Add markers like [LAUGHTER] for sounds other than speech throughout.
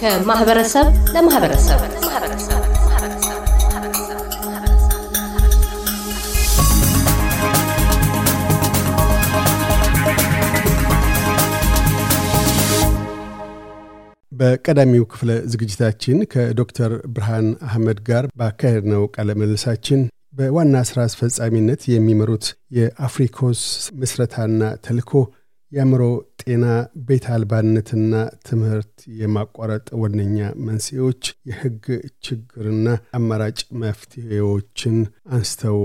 ከማህበረሰብ ለማህበረሰብ በቀዳሚው ክፍለ ዝግጅታችን ከዶክተር ብርሃን አህመድ ጋር ባካሄድነው ቃለ ምልልሳችን በዋና ስራ አስፈጻሚነት የሚመሩት የአፍሪኮስ ምስረታና ተልኮ የአእምሮ ጤና ቤት አልባነትና ትምህርት የማቋረጥ ዋነኛ መንስኤዎች የህግ ችግርና አማራጭ መፍትሄዎችን አንስተው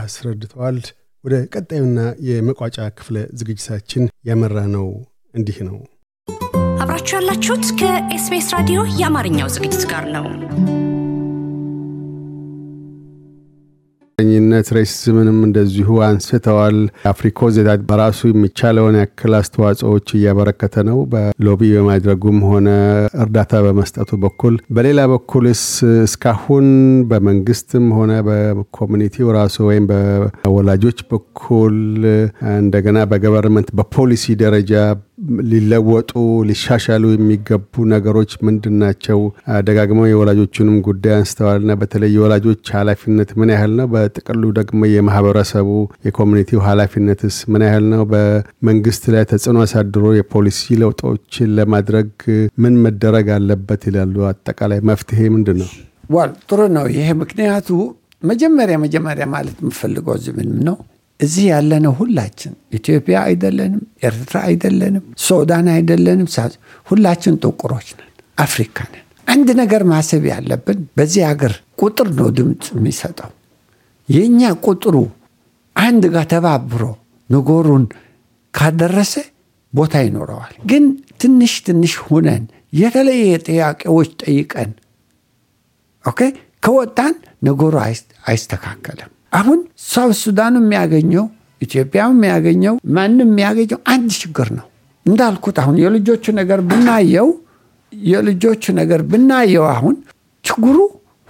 አስረድተዋል። ወደ ቀጣዩና የመቋጫ ክፍለ ዝግጅታችን ያመራ ነው። እንዲህ ነው አብራችሁ ያላችሁት ከኤስቢኤስ ራዲዮ የአማርኛው ዝግጅት ጋር ነው። ኝነት ሬሲዝምንም እንደዚሁ አንስተዋል። ዜታ በራሱ የሚቻለውን ያክል አስተዋጽኦዎች እያበረከተ ነው፣ በሎቢ በማድረጉም ሆነ እርዳታ በመስጠቱ በኩል። በሌላ በኩልስ እስካሁን በመንግስትም ሆነ በኮሚኒቲው ራሱ ወይም በወላጆች በኩል እንደገና በገቨርንመንት በፖሊሲ ደረጃ ሊለወጡ ሊሻሻሉ የሚገቡ ነገሮች ምንድን ናቸው? ደጋግመው የወላጆቹንም ጉዳይ አንስተዋልና በተለይ የወላጆች ኃላፊነት ምን ያህል ነው? በጥቅሉ ደግሞ የማህበረሰቡ የኮሚኒቲው ኃላፊነትስ ምን ያህል ነው? በመንግስት ላይ ተጽዕኖ አሳድሮ የፖሊሲ ለውጦችን ለማድረግ ምን መደረግ አለበት ይላሉ? አጠቃላይ መፍትሄ ምንድን ነው? ዋል ጥሩ ነው። ይሄ ምክንያቱ መጀመሪያ መጀመሪያ ማለት የምፈልገው ምንም ነው እዚህ ያለነው ሁላችን ኢትዮጵያ አይደለንም፣ ኤርትራ አይደለንም፣ ሱዳን አይደለንም። ሁላችን ጥቁሮች ነን፣ አፍሪካ ነን። አንድ ነገር ማሰብ ያለብን በዚህ ሀገር ቁጥር ነው ድምፅ የሚሰጠው። የእኛ ቁጥሩ አንድ ጋር ተባብሮ ነገሩን ካደረሰ ቦታ ይኖረዋል። ግን ትንሽ ትንሽ ሁነን የተለየ ጥያቄዎች ጠይቀን ኦኬ ከወጣን ነገሩ አይስተካከልም። አሁን ሳውት ሱዳን የሚያገኘው ኢትዮጵያ የሚያገኘው ማንም የሚያገኘው አንድ ችግር ነው። እንዳልኩት አሁን የልጆች ነገር ብናየው የልጆች ነገር ብናየው አሁን ችግሩ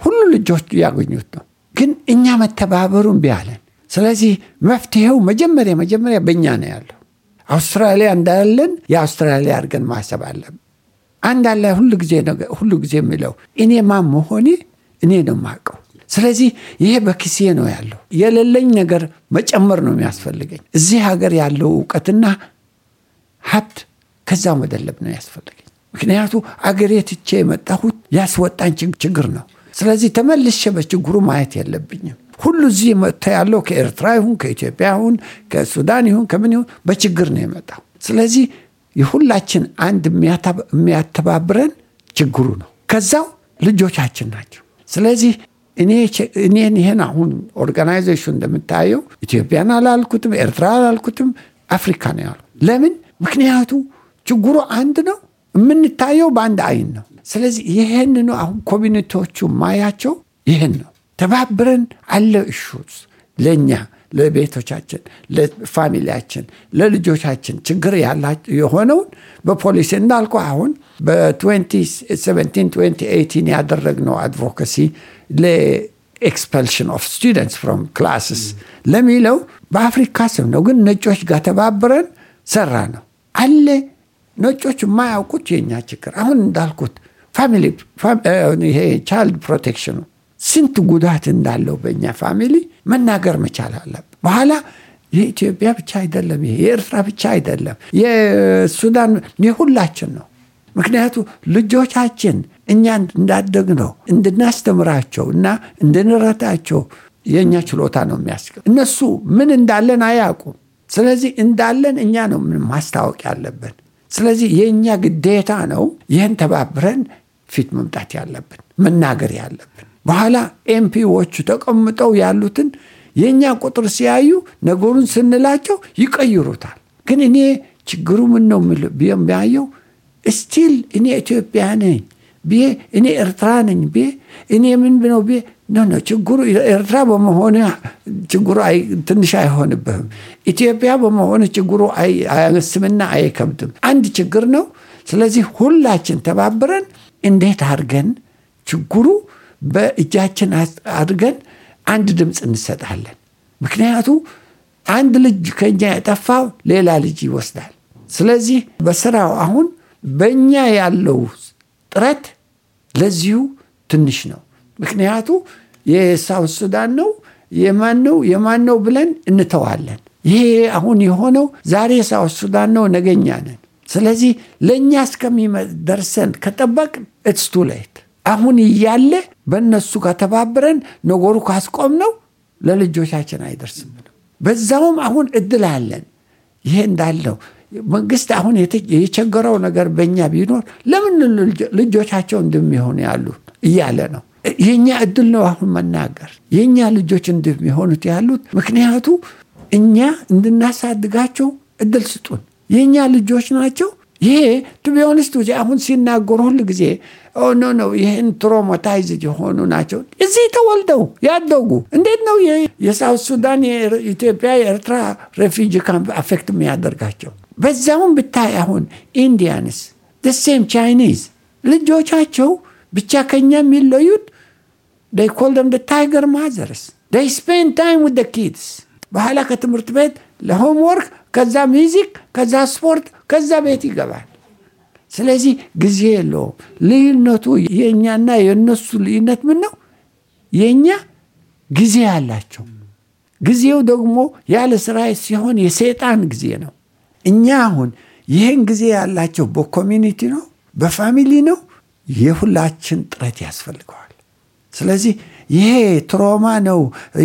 ሁሉ ልጆች ያገኙት ነው። ግን እኛ መተባበሩን ቢያለን ስለዚህ መፍትሄው መጀመሪያ መጀመሪያ በእኛ ነው ያለው። አውስትራሊያ እንዳለን የአውስትራሊያ አድርገን ማሰብ አለብን። አንድ አለ ሁሉ ጊዜ ሁሉ ጊዜ የሚለው እኔ ማን መሆኔ እኔ ነው የማውቀው ስለዚህ ይሄ በኪሴ ነው ያለው። የሌለኝ ነገር መጨመር ነው የሚያስፈልገኝ። እዚህ ሀገር ያለው እውቀትና ሀብት ከዛ መደለብ ነው ያስፈልገኝ። ምክንያቱ አገሬ ትቼ የመጣሁት ያስወጣኝ ችግር ነው። ስለዚህ ተመልሼ በችግሩ ማየት የለብኝም። ሁሉ እዚህ መጥቶ ያለው ከኤርትራ ይሁን ከኢትዮጵያ ይሁን ከሱዳን ይሁን ከምን ይሁን በችግር ነው የመጣው። ስለዚህ የሁላችን አንድ የሚያተባብረን ችግሩ ነው። ከዛው ልጆቻችን ናቸው። ስለዚህ እኔን ይሄን አሁን ኦርጋናይዜሽን እንደምታየው ኢትዮጵያን አላልኩትም፣ ኤርትራ አላልኩትም፣ አፍሪካ ነው ያሉ። ለምን? ምክንያቱ ችግሩ አንድ ነው፣ የምንታየው በአንድ አይን ነው። ስለዚህ ይህን ነው አሁን ኮሚኒቲዎቹ ማያቸው ይህን ነው። ተባብረን አለ እሹት ለእኛ ለቤቶቻችን፣ ለፋሚሊያችን፣ ለልጆቻችን ችግር የሆነውን በፖሊሲ እንዳልኩ አሁን በ2017 2018 ያደረግነው አድቮካሲ ኤክስፐልሽን ኦፍ ስቱደንትስ ፍሮም ክላስስ ለሚለው በአፍሪካ ስም ነው፣ ግን ነጮች ጋር ተባብረን ሰራ ነው አለ። ነጮች የማያውቁት የኛ ችግር አሁን እንዳልኩት ፋሚሊ ይሄ ቻይልድ ፕሮቴክሽኑ ስንት ጉዳት እንዳለው በእኛ ፋሚሊ መናገር መቻል አለብን። በኋላ የኢትዮጵያ ብቻ አይደለም፣ ይሄ የኤርትራ ብቻ አይደለም፣ የሱዳን የሁላችን ነው። ምክንያቱ ልጆቻችን እኛ እንዳደግ ነው እንድናስተምራቸው እና እንድንረታቸው የእኛ ችሎታ ነው የሚያስገ እነሱ ምን እንዳለን አያውቁም። ስለዚህ እንዳለን እኛ ነው ማስታወቅ ያለብን። ስለዚህ የእኛ ግዴታ ነው ይህን ተባብረን ፊት መምጣት ያለብን መናገር ያለብን። በኋላ ኤምፒዎቹ ተቀምጠው ያሉትን የእኛ ቁጥር ሲያዩ ነገሩን ስንላቸው ይቀይሩታል። ግን እኔ ችግሩ ምን ነው የሚያየው ስቲል እኔ ኢትዮጵያ ነኝ ብዬ እኔ ኤርትራ ነኝ ብዬ እኔ ምን ብነው ብዬ ኖ ኖ ችግሩ ኤርትራ በመሆን ችግሩ ትንሽ አይሆንብህም። ኢትዮጵያ በመሆን ችግሩ አያመስምና አይከብድም። አንድ ችግር ነው። ስለዚህ ሁላችን ተባብረን እንዴት አድርገን ችግሩ በእጃችን አድርገን አንድ ድምፅ እንሰጣለን። ምክንያቱ አንድ ልጅ ከኛ የጠፋው ሌላ ልጅ ይወስዳል። ስለዚህ በስራው አሁን በእኛ ያለው ጥረት ለዚሁ ትንሽ ነው። ምክንያቱ የሳውት ሱዳን ነው የማን ነው የማን ነው ብለን እንተዋለን። ይሄ አሁን የሆነው ዛሬ ሳውት ሱዳን ነው፣ ነገኛ ነን። ስለዚህ ለእኛ እስከሚደርሰን ከጠበቅ ኢትስ ቱ ሌት። አሁን እያለ በእነሱ ከተባብረን ነገሩ ካስቆም ነው ለልጆቻችን አይደርስም። በዛውም አሁን እድል አለን። ይሄ እንዳለው መንግስት አሁን የቸገረው ነገር በእኛ ቢኖር ለምን ልጆቻቸው እንደሚሆኑ ያሉ እያለ ነው። የእኛ እድል ነው አሁን መናገር የእኛ ልጆች እንደሚሆኑት ያሉት። ምክንያቱ እኛ እንድናሳድጋቸው እድል ስጡን፣ የእኛ ልጆች ናቸው። ይሄ ቱቢሆንስት ጊዜ አሁን ሲናገሩ ሁል ጊዜ ኖ ነው ይህን ትሮማታይዝ የሆኑ ናቸው። እዚህ ተወልደው ያደጉ እንዴት ነው የሳውት ሱዳን፣ የኢትዮጵያ፣ የኤርትራ ሬፊጂ ካምፕ አፌክት የሚያደርጋቸው? በዛውን ብታይ አሁን ኢንዲያንስ ደሴም ቻይኒዝ ልጆቻቸው ብቻ ከኛ የሚለዩት ደይ ኮልደም ደ ታይገር ማዘርስ ደይ ስፔን ታይም ዊዝ ኪድስ በኋላ ከትምህርት ቤት ለሆምወርክ ከዛ ሚዚክ ከዛ ስፖርት ከዛ ቤት ይገባል። ስለዚህ ጊዜ የለውም። ልዩነቱ የእኛና የእነሱ ልዩነት ምን ነው? የእኛ ጊዜ አላቸው። ጊዜው ደግሞ ያለ ስራ ሲሆን የሰይጣን ጊዜ ነው። እኛ አሁን ይህን ጊዜ ያላቸው በኮሚኒቲ ነው፣ በፋሚሊ ነው። የሁላችን ጥረት ያስፈልገዋል። ስለዚህ ይሄ ትሮማ ነው፣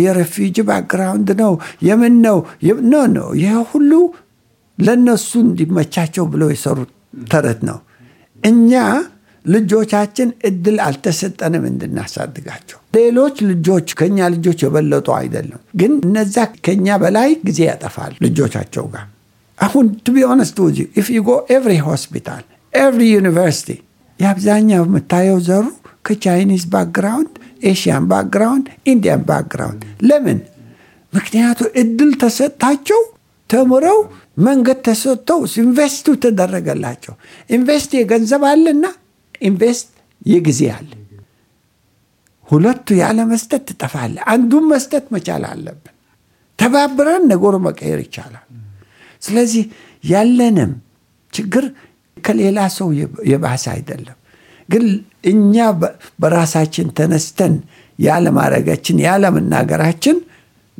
የሬፊጂ ባክግራውንድ ነው፣ የምን ነው ኖ ኖ ይሄ ሁሉ ለእነሱ እንዲመቻቸው ብለው የሰሩት ተረት ነው። እኛ ልጆቻችን እድል አልተሰጠንም እንድናሳድጋቸው። ሌሎች ልጆች ከኛ ልጆች የበለጡ አይደለም፣ ግን እነዛ ከኛ በላይ ጊዜ ያጠፋል ልጆቻቸው ጋር አሁን ቱ ቢ ኦነስት ውዝ ኢፍ ዩ ጎ ኤቭሪ ሆስፒታል ኤቭሪ ዩኒቨርሲቲ የአብዛኛው የምታየው ዘሩ ከቻይኒዝ ባክግራውንድ፣ ኤሽያን ባክግራውንድ፣ ኢንዲያን ባክግራውንድ ለምን? ምክንያቱ እድል ተሰጥታቸው ተምረው መንገድ ተሰጥተው ኢንቨስቱ ተደረገላቸው። ኢንቨስት የገንዘብ አለና ኢንቨስት የጊዜ አለ። ሁለቱ ያለ መስጠት ትጠፋለ። አንዱን መስጠት መቻል አለብን። ተባብረን ነገሩ መቀየር ይቻላል። ስለዚህ ያለንም ችግር ከሌላ ሰው የባሰ አይደለም። ግን እኛ በራሳችን ተነስተን ያለማድረጋችን ያለመናገራችን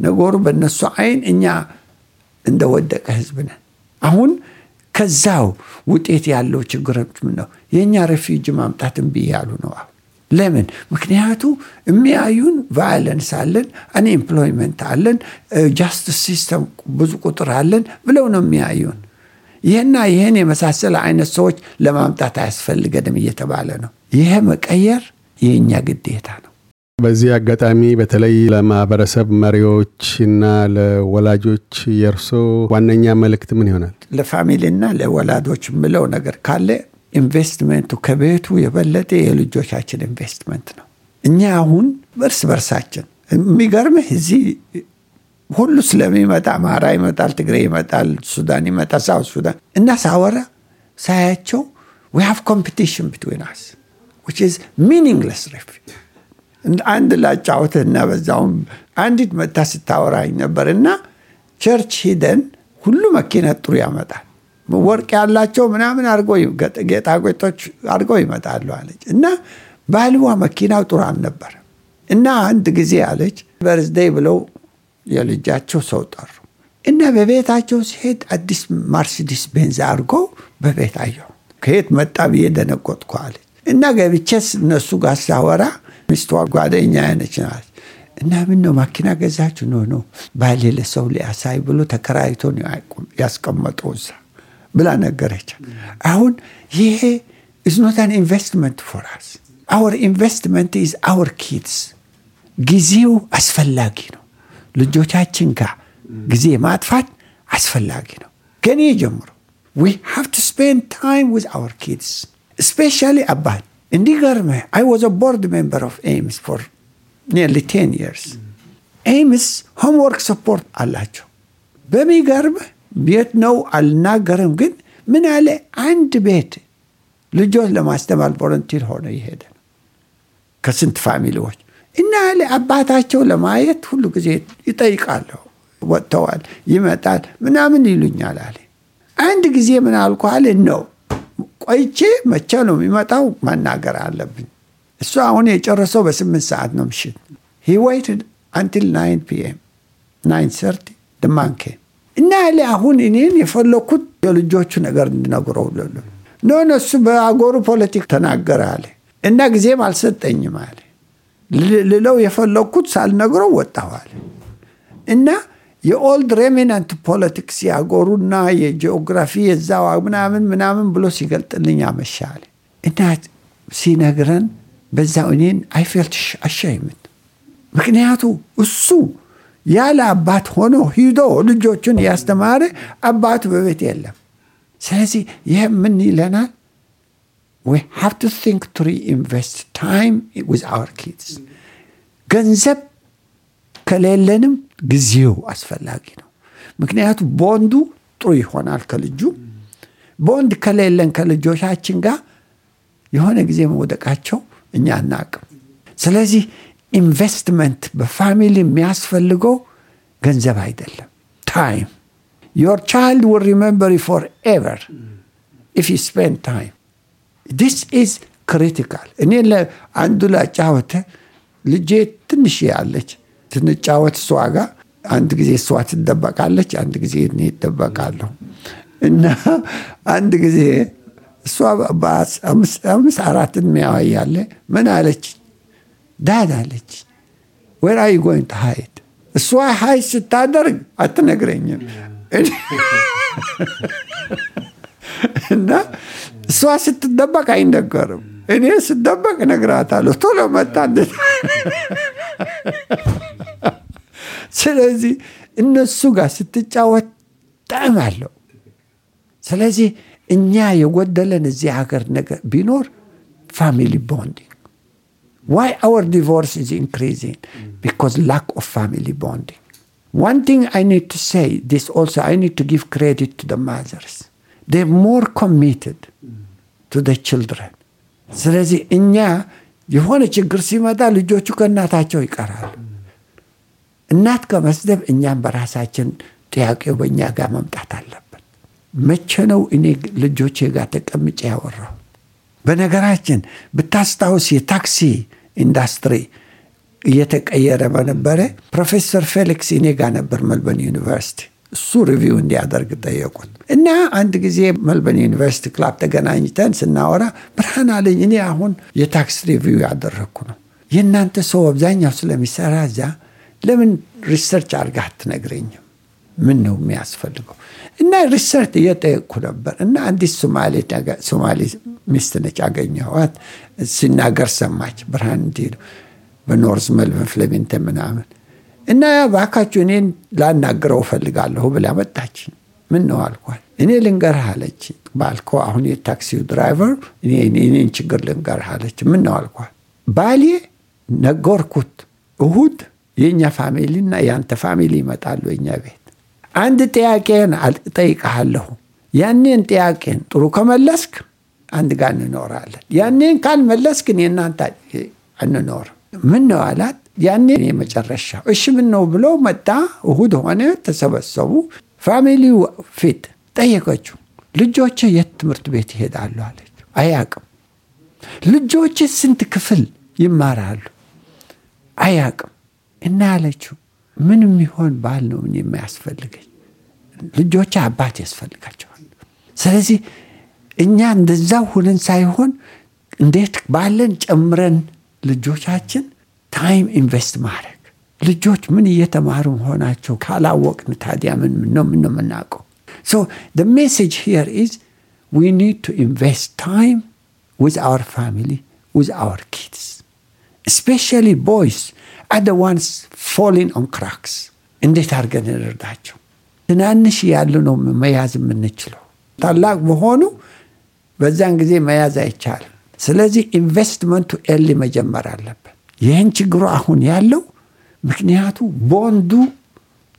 ነገሩ በእነሱ አይን እኛ እንደወደቀ ህዝብ ነን። አሁን ከዛው ውጤት ያለው ችግር ምን ነው የእኛ ሬፊውጅ ማምጣትን ብያሉ ያሉ ነው። ለምን? ምክንያቱ የሚያዩን ቫይለንስ አለን፣ አንኤምፕሎይመንት አለን፣ ጃስቲስ ሲስተም ብዙ ቁጥር አለን ብለው ነው የሚያዩን። ይህና ይህን የመሳሰለ አይነት ሰዎች ለማምጣት አያስፈልገንም እየተባለ ነው። ይህ መቀየር የእኛ ግዴታ ነው። በዚህ አጋጣሚ በተለይ ለማህበረሰብ መሪዎች እና ለወላጆች የእርሶ ዋነኛ መልእክት ምን ይሆናል? ለፋሚሊና ለወላዶች ምለው ነገር ካለ ኢንቨስትመንቱ ከቤቱ የበለጠ የልጆቻችን ኢንቨስትመንት ነው። እኛ አሁን እርስ በርሳችን የሚገርምህ እዚህ ሁሉ ስለሚመጣ አማራ ይመጣል፣ ትግሬ ይመጣል፣ ሱዳን ይመጣል፣ ሳውት ሱዳን እና ሳወራ ሳያቸው ዊ ሃቭ ኮምፒቲሽን ብትዊን አስ ዊች ኢዝ ሚኒንግለስ ሪፍ አንድ እና በዛውም አንዲት መታ ስታወራኝ ነበር እና ቸርች ሂደን ሁሉ መኪና ጥሩ ያመጣል ወርቅ ያላቸው ምናምን አድርገው ጌጣጌጦች አድርገው ይመጣሉ አለች እና ባልዋ መኪናው ጥሩ አልነበር እና አንድ ጊዜ አለች በርዝደይ ብለው የልጃቸው ሰው ጠሩ እና በቤታቸው ሲሄድ አዲስ ማርሲዲስ ቤንዝ አድርገው በቤት አየሁ። ከየት መጣ ብዬ ደነቆጥኩ አለች እና ገብቼስ እነሱ ጋር ሳወራ ሚስቷ ጓደኛ ያነች ናት እና ምን ነው ማኪና ገዛችሁ? ኖ ኖ ባሌ ለሰው ሊያሳይ ብሎ ተከራይቶ ያስቀመጠው እዛ ብላ ነገረች። አሁን ይሄ ኢዝ ኖት አን ኢንቨስትመንት ፎር አስ አወር ኢንቨስትመንት ኢዝ አወር ኪድስ። ጊዜው አስፈላጊ ነው። ልጆቻችን ጋር ጊዜ ማጥፋት አስፈላጊ ነው። ከኔ ጀምሮ ዊ ሃቭ ቱ ስፔንድ ታይም ዊዝ አወር ኪድስ ስፔሻሊ አባት እንዲገርምህ አይ ዋዝ አ ቦርድ ሜምበር ኦፍ ኤምስ ፎር ኒርሊ ቴን ይርስ ኤምስ ሆምወርክ ሰፖርት አላቸው በሚገርምህ ቤት ነው አልናገርም፣ ግን ምን አለ አንድ ቤት ልጆች ለማስተማር ቮለንቲር ሆነ ይሄደ ከስንት ፋሚሊዎች እና አለ አባታቸው ለማየት ሁሉ ጊዜ ይጠይቃለሁ። ወጥተዋል፣ ይመጣል ምናምን ይሉኛል አለ። አንድ ጊዜ ምን አልኩ አለ ነው ቆይቼ መቼ ነው የሚመጣው ማናገር አለብኝ። እሱ አሁን የጨረሰው በስምንት ሰዓት ነው ምሽት ሂ ወይትድ አንቲል ናይን ፒኤም ናይን ሰርቲ ድማንኬ እና ያለ አሁን እኔን የፈለግኩት የልጆቹ ነገር እንድነግረው ለሉ ኖን እሱ በአገሩ ፖለቲክ ተናገረ አለ እና ጊዜም አልሰጠኝም አለ ልለው የፈለግኩት ሳልነግረው ወጣኋል እና የኦልድ ሬሚናንት ፖለቲክስ የአገሩና የጂኦግራፊ የዛው ምናምን ምናምን ብሎ ሲገልጥልኝ አመሻ አለ እና ሲነግረን በዛ እኔን አይፌልት አሻይምት ምክንያቱ እሱ ያለ አባት ሆኖ ሂዶ ልጆቹን ያስተማረ አባቱ በቤት የለም። ስለዚህ ይህ ምን ይለናል? we have to think to reinvest time with our kids ገንዘብ ከሌለንም ጊዜው አስፈላጊ ነው። ምክንያቱ ቦንዱ ጥሩ ይሆናል ከልጁ ቦንድ ከሌለን ከልጆቻችን ጋር የሆነ ጊዜ መውደቃቸው እኛ አናቅም። ስለዚህ ኢንቨስትመንት በፋሚሊ የሚያስፈልገው ገንዘብ አይደለም፣ ታይም ዮር ቻይልድ ዊል ሪሜምበር ፎር ኤቨር ኢፍ ዩ ስፔንድ ታይም ዲስ ኢዝ ክሪቲካል። እኔ አንዱ ላጫወተ ልጄ ትንሽ ያለች ትንጫወት እሷ ጋ አንድ ጊዜ እሷ ትደበቃለች፣ አንድ ጊዜ እኔ ይደበቃለሁ እና አንድ ጊዜ እሷ አምስት አራት እድሜዋ ምን አለች ዳናለች። ወር አይ ጎይንት ሀይድ እሷ ሀይ ስታደርግ አትነግረኝም እና እሷ ስትደበቅ አይነገርም። እኔ ስደበቅ ነግራታለሁ ቶሎ መጣ። ስለዚህ እነሱ ጋር ስትጫወት ጣም አለው። ስለዚህ እኛ የጎደለን እዚህ ሀገር ነገር ቢኖር ፋሚሊ ቦንዲንግ Why our divorce is increasing? Mm. Because lack of family bonding. One thing I need to say, this also I need to give credit to the mothers. They're more committed to the children. ስለዚህ እኛ የሆነ ችግር ሲመጣ ልጆቹ ከእናታቸው ይቀራሉ። እናት ከመስደብ እኛም በራሳችን ጥያቄው በእኛ ጋር መምጣት አለበት። መቼ ነው እኔ ልጆቼ ጋር ተቀምጬ ያወራው? በነገራችን ብታስታውስ የታክሲ ኢንዱስትሪ እየተቀየረ በነበረ ፕሮፌሰር ፌሊክስ እኔ ነበር መልበን ዩኒቨርሲቲ። እሱ ሪቪው እንዲያደርግ ጠየቁት እና አንድ ጊዜ መልበን ዩኒቨርሲቲ ክላብ ተገናኝተን ስናወራ ብርሃን አለኝ እኔ አሁን የታክስ ሪቪው ያደረግኩ ነው። የእናንተ ሰው አብዛኛው ስለሚሰራ እዛ ለምን ሪሰርች አርጋ አትነግረኝም? ምን ነው የሚያስፈልገው? እና ሪሰርች እየጠየቅኩ ነበር። እና አንዲት ሶማሌ ሶማሌ ሚስት ነች አገኘኋት። ሲናገር ሰማች ብርሃን እንዲ ነው በኖርዝ መልበን ፍለሜንተ ምናምን እና ባካችሁ እኔን ላናግረው እፈልጋለሁ ብላ መጣች። ምን ነው አልኳት። እኔ ልንገርህ አለች። ባልከው አሁን የታክሲው ድራይቨር እኔን ችግር ልንገርህ አለች። ምን ነው አልኳት። ባሌ ነገርኩት እሁድ የእኛ ፋሚሊና የአንተ ፋሚሊ ይመጣሉ የእኛ ቤት አንድ ጥያቄን እጠይቅሃለሁ። ያኔን ጥያቄን ጥሩ ከመለስክ አንድ ጋር እንኖራለን። ያኔን ካልመለስክ እኔ እናንተ አንኖር ምን ነው አላት። ያኔ የመጨረሻ እሺ ምን ነው ብሎ መጣ። እሁድ ሆነ። ተሰበሰቡ። ፋሚሊው ፊት ጠየቀችው። ልጆች የት ትምህርት ቤት ይሄዳሉ አለ አያቅም። ልጆች ስንት ክፍል ይማራሉ አያቅም። እና አለችው ምንም ይሆን ባል ነው የማያስፈልገኝ። ልጆች አባት ያስፈልጋቸዋል። ስለዚህ እኛ እንደዛው ሁነን ሳይሆን እንዴት ባለን ጨምረን ልጆቻችን ታይም ኢንቨስት ማድረግ ልጆች ምን እየተማሩ መሆናቸው ካላወቅን ታዲያ ምን ምነው ምን ነው የምናውቀው? ሶ ደ ሜሴጅ ሂር ኢዝ ዊ ኒድ ቱ ኢንቨስት ታይም ዊዝ አወር ፋሚሊ ዊዝ አወር ኪድስ especially boys are the ones falling on cracks እንዴት አድርገን እንርዳቸው ትናንሽ ያሉ ነው መያዝ የምንችለው ታላቅ በሆኑ በዛን ጊዜ መያዝ አይቻልም ስለዚህ ኢንቨስትመንቱ ኤሊ መጀመር አለብን ይህን ችግሩ አሁን ያለው ምክንያቱ ቦንዱ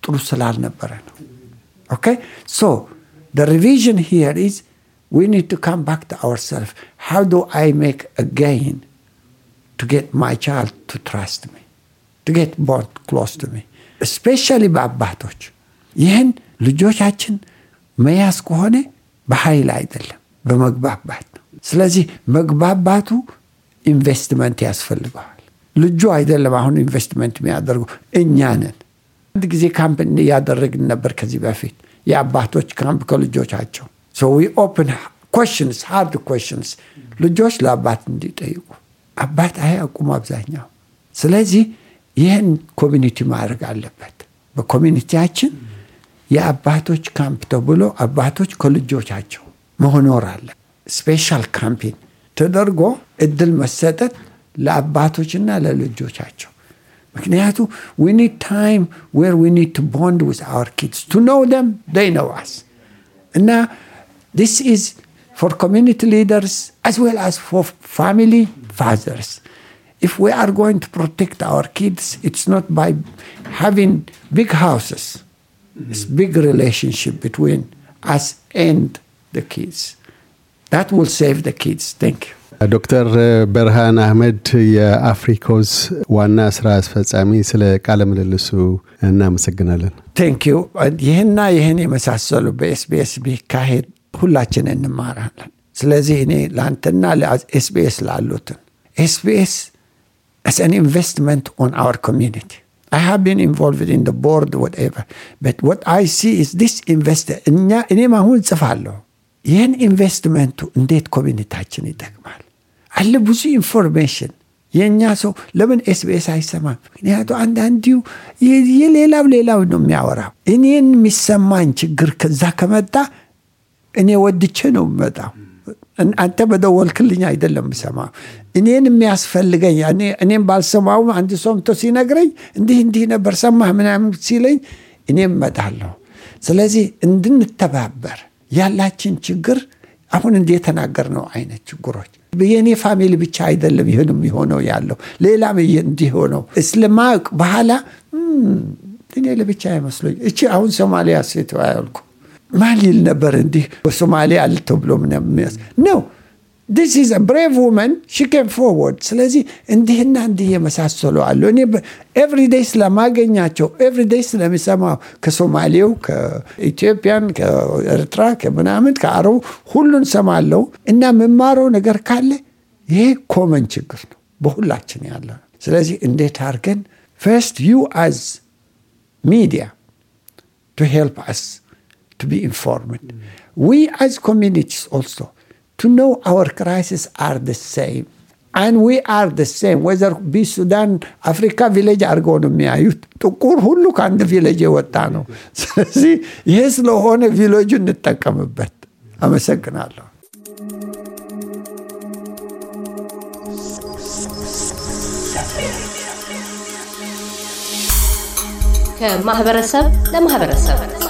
ጥሩ ስላልነበረ ነው ኦኬ ሶ ደ ሪቪዥን ሂር ኢዝ ዊ ኒድ ቱ ካም ባክ ቱ አወርሰልፍ ሃው ዱ አይ ሜክ አጋይን to get my child to trust me, to get born close to me. ስፔሻሊ በአባቶች ይህን ልጆቻችን መያዝ ከሆነ በኃይል አይደለም፣ በመግባባት ነው። ስለዚህ መግባባቱ ኢንቨስትመንት ያስፈልገዋል። ልጁ አይደለም አሁን ኢንቨስትመንት የሚያደርጉ እኛ ነን። አንድ ጊዜ ካምፕ እያደረግን ነበር ከዚህ በፊት የአባቶች ካምፕ ከልጆቻቸው ኦፕን ኮሽንስ ሃርድ ኮሽንስ ልጆች ለአባት እንዲጠይቁ አባት አያውቁም አብዛኛው። ስለዚህ ይህን ኮሚኒቲ ማድረግ አለበት። በኮሚኒቲያችን የአባቶች ካምፕ ተብሎ አባቶች ከልጆቻቸው መሆኖር አለ። ስፔሻል ካምፒን ተደርጎ እድል መሰጠት ለአባቶችና ለልጆቻቸው ምክንያቱ ዊ ኒድ ታይም ዌር ዊ ኒድ ቱ ቦንድ ዊዝ አወር ኪድስ ቱ ኖው ደም ደይ ኖው አስ እና ዲስ ኢዝ ፎር ኮሚኒቲ ሊደርስ አስ ዌል አስ ፎር ፋሚሊ fathers. If we are going to protect our kids, it's not by having big houses. It's mm-hmm. big relationship between us and the kids. That will save the kids. Thank you. ዶክተር በርሃን አህመድ የአፍሪኮስ ዋና ስራ አስፈጻሚ፣ ስለ ቃለ ምልልሱ እናመሰግናለን። ቴንክ ዩ። ይህና ይህን የመሳሰሉ በኤስቢኤስ ቢካሄድ ሁላችን እንማራለን። ስለዚህ እኔ ለአንተና ለኤስቢኤስ ላሉትን ኤስቢኤስ as an investment on our community. I have been involved in the board, whatever. But what I see is this እኛ እኔም አሁን ጽፋለሁ ይህን ኢንቨስትመንቱ እንዴት ኮሚኒታችን ይጠቅማል አለ ብዙ ኢንፎርሜሽን የእኛ ሰው ለምን ኤስቢኤስ አይሰማም? ምክንያቱ አንዳንዲሁ የሌላው ሌላው ነው የሚያወራው። እኔን የሚሰማኝ ችግር ከዛ ከመጣ እኔ ወድቼ ነው የምመጣው። አንተ በደወልክልኝ አይደለም ሰማ እኔን የሚያስፈልገኝ እኔም ባልሰማውም አንድ ሰው ሲነግረኝ እንዲህ እንዲህ ነበር ሰማህ ምናምን ሲለኝ እኔም እመጣለሁ። ስለዚህ እንድንተባበር ያላችን ችግር አሁን እንዲህ ነው አይነት ችግሮች የእኔ ፋሚሊ ብቻ አይደለም ይህንም የሆነው ያለው ሌላም እንዲህ ሆነው እስለማውቅ በኋላ እኔ ለብቻ አይመስለኝ እቺ አሁን ሶማሊያ ሴት ያልኩ ማን ይል ነበር እንዲህ በሶማሌ ብሎ ነው ዲስ ኢዝ ብሬቭ ውመን ሺ ኬም ፎርወርድ። ስለዚህ እንዲህና እንዲህ የመሳሰሉ አሉ። እኔ ኤቭሪዴይ ስለማገኛቸው ኤቭሪዴይ ስለሚሰማው ከሶማሌው፣ ከኢትዮጵያን፣ ከኤርትራ፣ ከምናምን ከአረቡ ሁሉን ሰማለው እና የምማረው ነገር ካለ ይሄ ኮመን ችግር ነው በሁላችን ያለ። ስለዚህ እንዴት አርገን ፈርስት ዩ አዝ ሚዲያ ቱ ሄልፕ አስ to be informed. We as communities also to know our crises are the same. And we are the same, whether be Sudan, Africa, village, Argonomia, you took who look on the village of Watano. [LAUGHS] See, yes, Lohone village in the better. I'm a second. ከማህበረሰብ ለማህበረሰብ